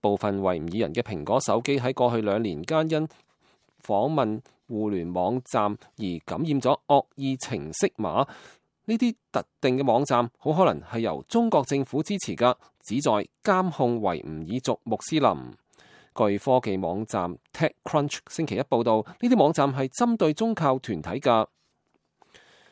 部分維吾爾人嘅蘋果手機喺過去兩年間因訪問互聯網站而感染咗惡意程式碼，呢啲特定嘅網站好可能係由中國政府支持㗎，旨在監控維吾爾族穆斯林。據科技網站 TechCrunch 星期一報導，呢啲網站係針對宗教團體㗎。